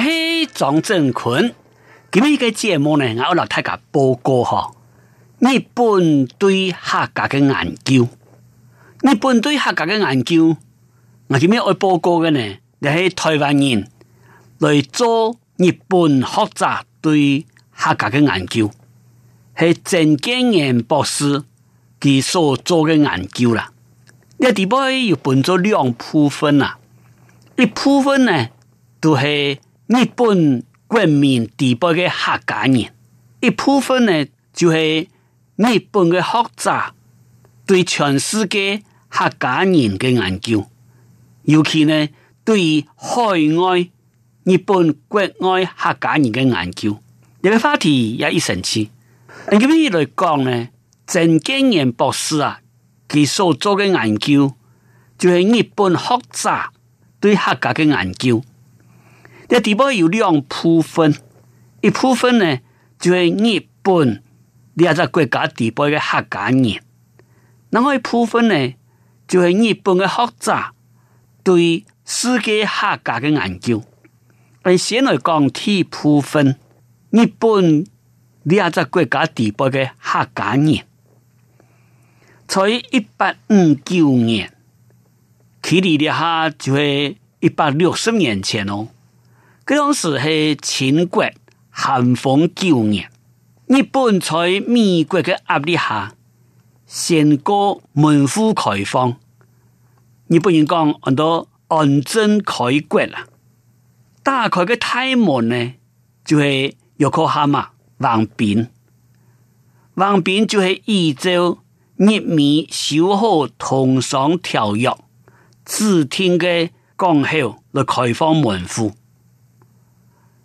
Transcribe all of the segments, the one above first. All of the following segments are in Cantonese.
係莊振坤，今日嘅節目呢，我嚟同大家報告哈。日本對客家嘅研究，日本對客家嘅研究，今我今日愛報告嘅呢。你喺台灣人來做日本學者對客家嘅研究，係鄭經言博士佢所做嘅研究啦。呢個地方又分做兩部分啦，一部分呢都係，就是日本國民地位嘅客家人，一部分呢就係、是、日本嘅學者對全世界客家人嘅研究，尤其呢對海外日本國外客家人嘅研究。一、呢個話題也一層次。咁呢嚟講呢，鄭經元博士啊，佢所做嘅研究就係、是、日本學者對客家嘅研究。呢地波有兩部分，一部分呢就係日本呢個國家地波的客家概念，另外一部分呢就係日本的學者對世界客家的研究。但先嚟講第一部分，日本呢個國家地波的客家概念，在一八五九年，距離下就係一百六十年前咯、哦。當時係清國咸豐九年，日本在美國的壓力下，先過門戶開放。日本人講好多安政開國啦，打開個嘅大門呢，就係玉科蛤蟆橫濱。橫濱就是依照日美修好通商條約，制定嘅港口來開放門戶。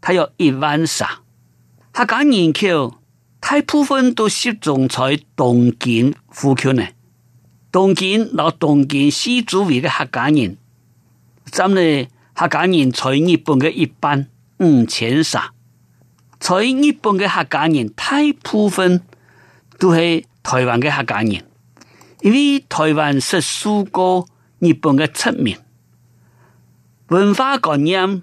它有一萬三，客家人口，大部分都集中在東京附近呢。東京老東京西周圍的客家人，咱們的客家人在日本的一般五千三，在日本的客家人大部分都是台灣的客家人，因為台灣是數過日本的殖民文化觀念。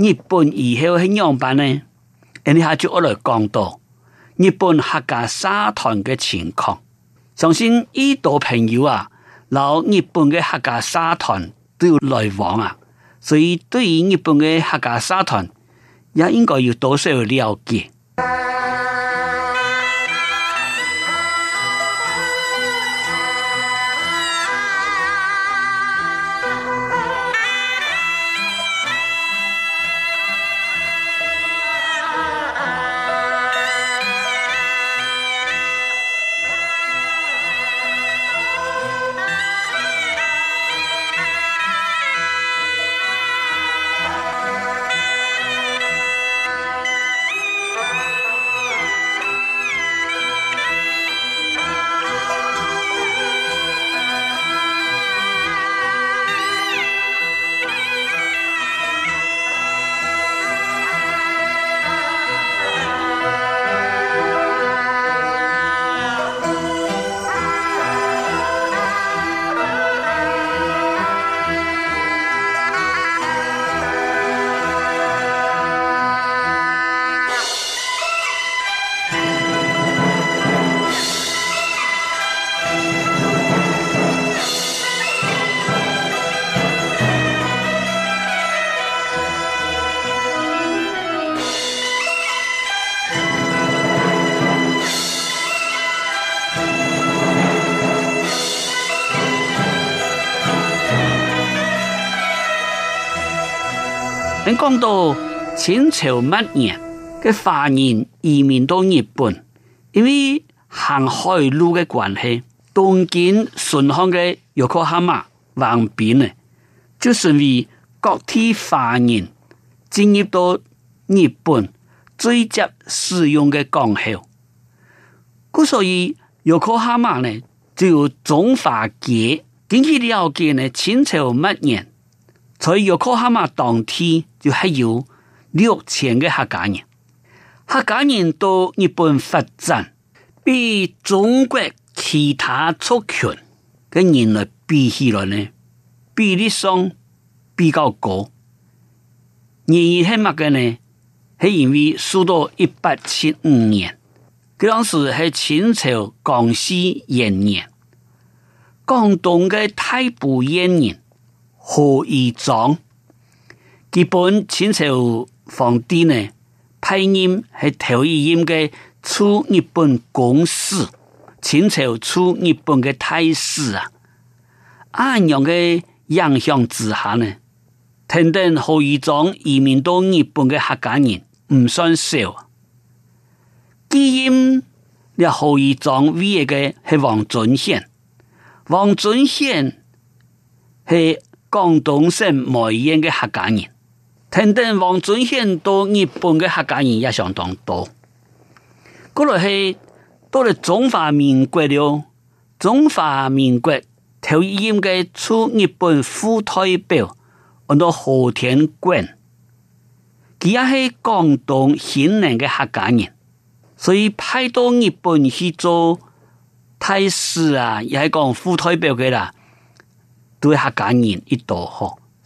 日本以後係點樣辦呢？你哋下住我來講到日本客家沙團嘅情況。相信，呢度朋友啊，留日本嘅客家沙團都有來往啊，所以對於日本嘅客家沙團也應該要多少了解。講到清朝末年嘅華人移民到日本，因為行海路嘅關係，東京順行嘅約克哈馬橫濱啊，就成為國際華人進入到日本最直接使用嘅港口。故所以約克哈馬呢就中華街。根據了解呢清朝末年，在約克哈馬當天。就係有六千個客家人，客家人到日本發展，比中國其他族群嘅人類比起來呢，比例上比較高。原因係乜個呢？係因為蘇到一八七五年，嗰當時係清朝光緒元年，廣東的太僕元年何以壯。日本清朝皇帝呢，派任係頭一任嘅出日本公使，清朝出日本嘅太史啊，安樣嘅影響之下呢，等等後裔莊移民到日本嘅客家人唔算少，基因你後裔種唯一嘅係黃遵憲，黃遵憲係廣東省梅縣嘅客家人。天津，黃遵憲到日本的客家人也相當多，嗰個係到嚟，中華民國了。中華民國頭一應該出日本副代表，我、嗯、到何田官，佢是廣東興寧的客家人，所以派到日本去做大使啊，也是講副代表的啦，對客家人亦都好。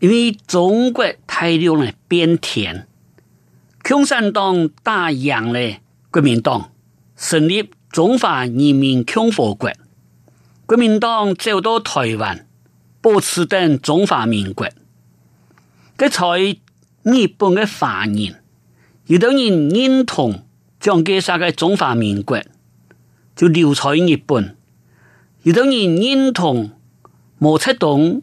因為中國大陸咧變天，共產黨打贏咧國民黨，成立中華人民共和國。國民黨走到台灣，保持等中華民國。在日本嘅華人，有啲人認同蔣介石嘅中華民國，就留在日本；有啲人認同毛澤東，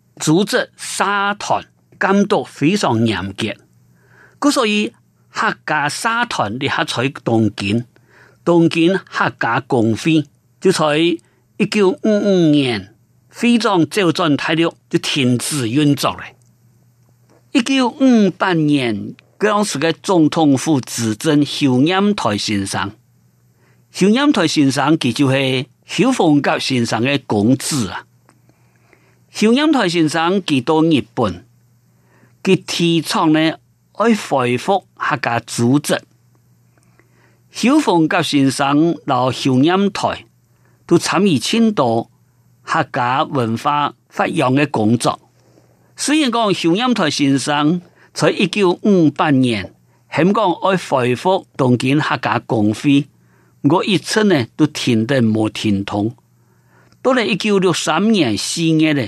組織社團監督非常嚴格，故所以客家社團的客取東京，東京客家公會就喺一九五五年，非常周轉態度就停止運作了。一九五八年，當時的總統府執政邵欽台先生，邵欽台先生其實就是邵鳳吉先生的公子啊。邵音台先生寄到日本，佢提倡呢愛恢復客家組織。小鳳甲先生到邵音台,雄音台都參與簽島客家文化發揚嘅工作。雖然講邵音台先生在一九五八年肯講愛恢復當今客家公會，我一直呢都聽得冇聽通。到咗一九六三年四月呢。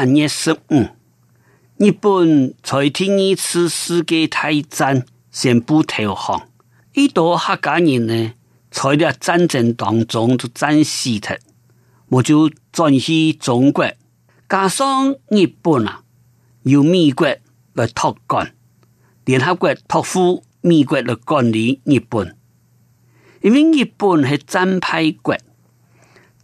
八月十五，日本在第二次世界大戰宣布投降。好多客家人呢，在啲戰爭當中就戰死特無就轉去中國。加上日本啊，由美國來託管，聯合國託付美國來管理日本，因為日本是戰敗國。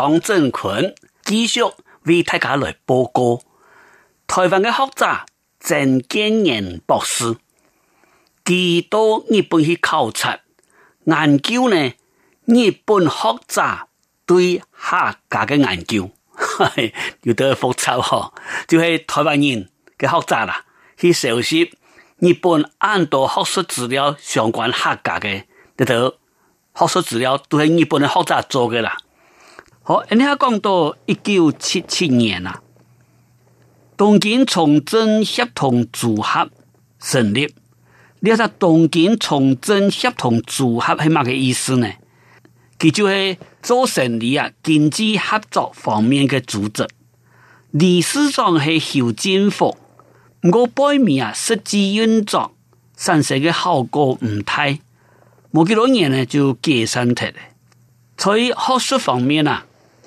張振坤繼續為大家來播歌。台灣的學者鄭建仁博士，幾多日本去考察研究呢？日本學者對客家的研究，又多複雜哦。就係台灣人嘅學者啦，去熟悉日本很多學術資料，相關客家的呢度學術資料，都係日本的學者做嘅啦。好，你下講到一九七七年啦，東京重鎮協同組合成立。你話咗東京重鎮協同組合是乜個意思呢？其就是做生意啊，經濟合作方面的組織。歷史上係喬建福，我背面啊，實際運作產生的效果不太。無幾多年呢就解散脫，所以學術方面啊。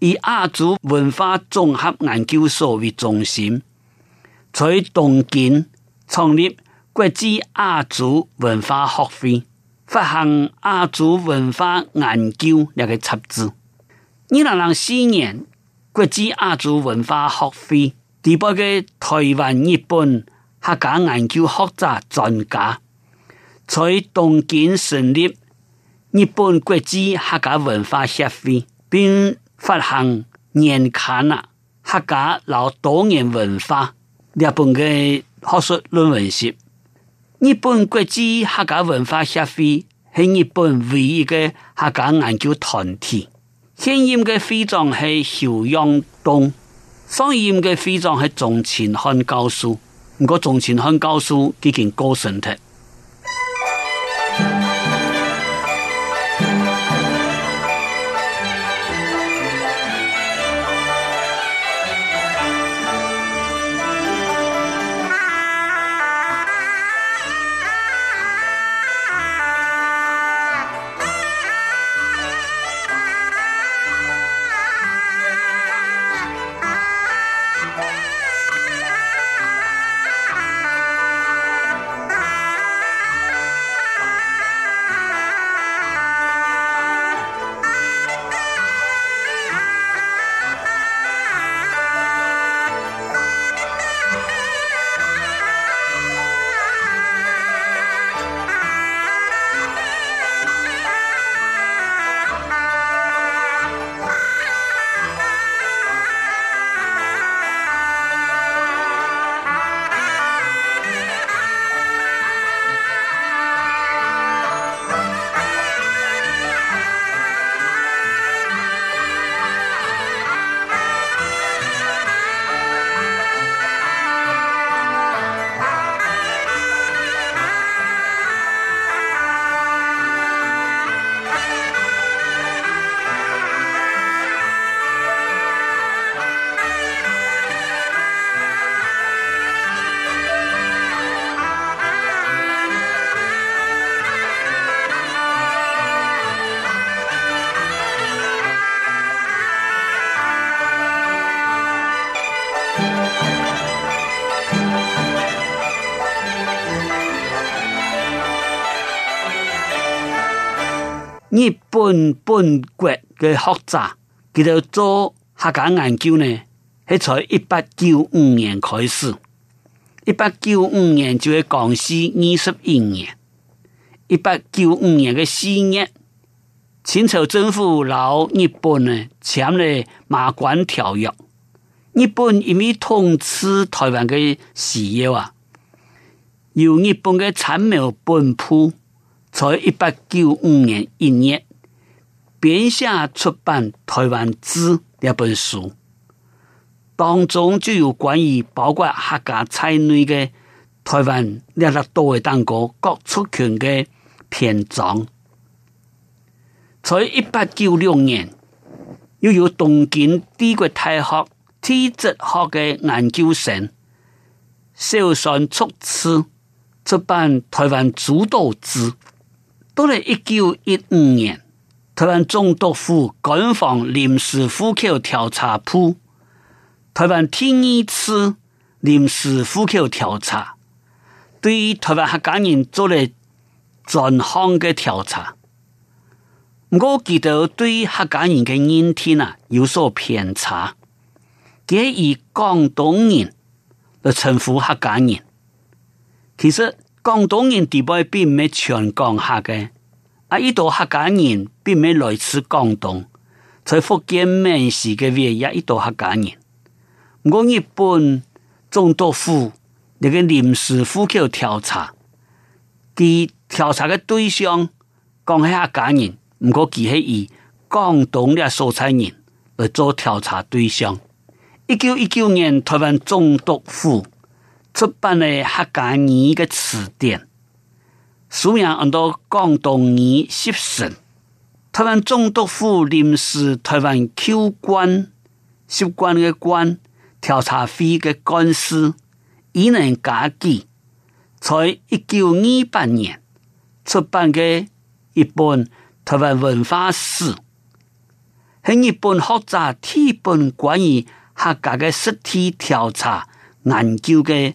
以亞洲文化綜合研究所為中心，在東京創立國際亞洲文化學會，發行亞洲文化研究那個雜誌。二零零四年，國際亞洲文化學會啲部嘅台灣、日本客家研究學者專家，在東京成立日本國際客家文化協會，並。發行年刊啊，客家老多年文化日本嘅學術論文時，日本國際客家文化協會係日本唯一嘅客家研究團體。現任嘅會長係邵陽東，上任嘅會長係從前漢教授。唔過從前漢教授已經過身。日本本國的學者，佢就做客家研究呢，是在一八九五年開始。一八九五年就係光緒二十一年。一八九五年的四月，清朝政府留日本呢，簽嚟馬關條約。日本因為統治台灣的企業啊，由日本的參謀本部。在一八九五年一月，編寫出版《台灣志》一本書，當中就有關於包括客家在內的台灣六十多位當國各族群的篇章。在一八九六年，又有東京帝國大學地質學的研究生蕭山出資出版《台灣主導志》。到了一九一五年，臺灣總督府官方臨時戶口調查部，臺灣第一次臨時戶口調查，對臺灣客家人做了專項的調查，我記得對客家人的認定啊有所偏差，給以廣東人嘅稱呼客家人，其實。廣東人地位並唔係全係客家嘅，阿一道客家人並唔係來自廣東，在福建閩西嘅話也一度客家人。我日本總督府，你嘅臨時戶口調查，啲調查嘅對象，講係客家人唔過只係以廣東嘅蘇菜人嚟做調查對象。一九一九年台灣總督府。出版的的《的《客家語嘅詞典》，雖然很多廣東語吸收，臺灣總督府臨時臺灣 Q 官涉官嘅官調查費的官司，伊能嘉矩。在一九二八年出版嘅一本臺灣文化史，係一本學者第一本關於客家的實體調查研究的。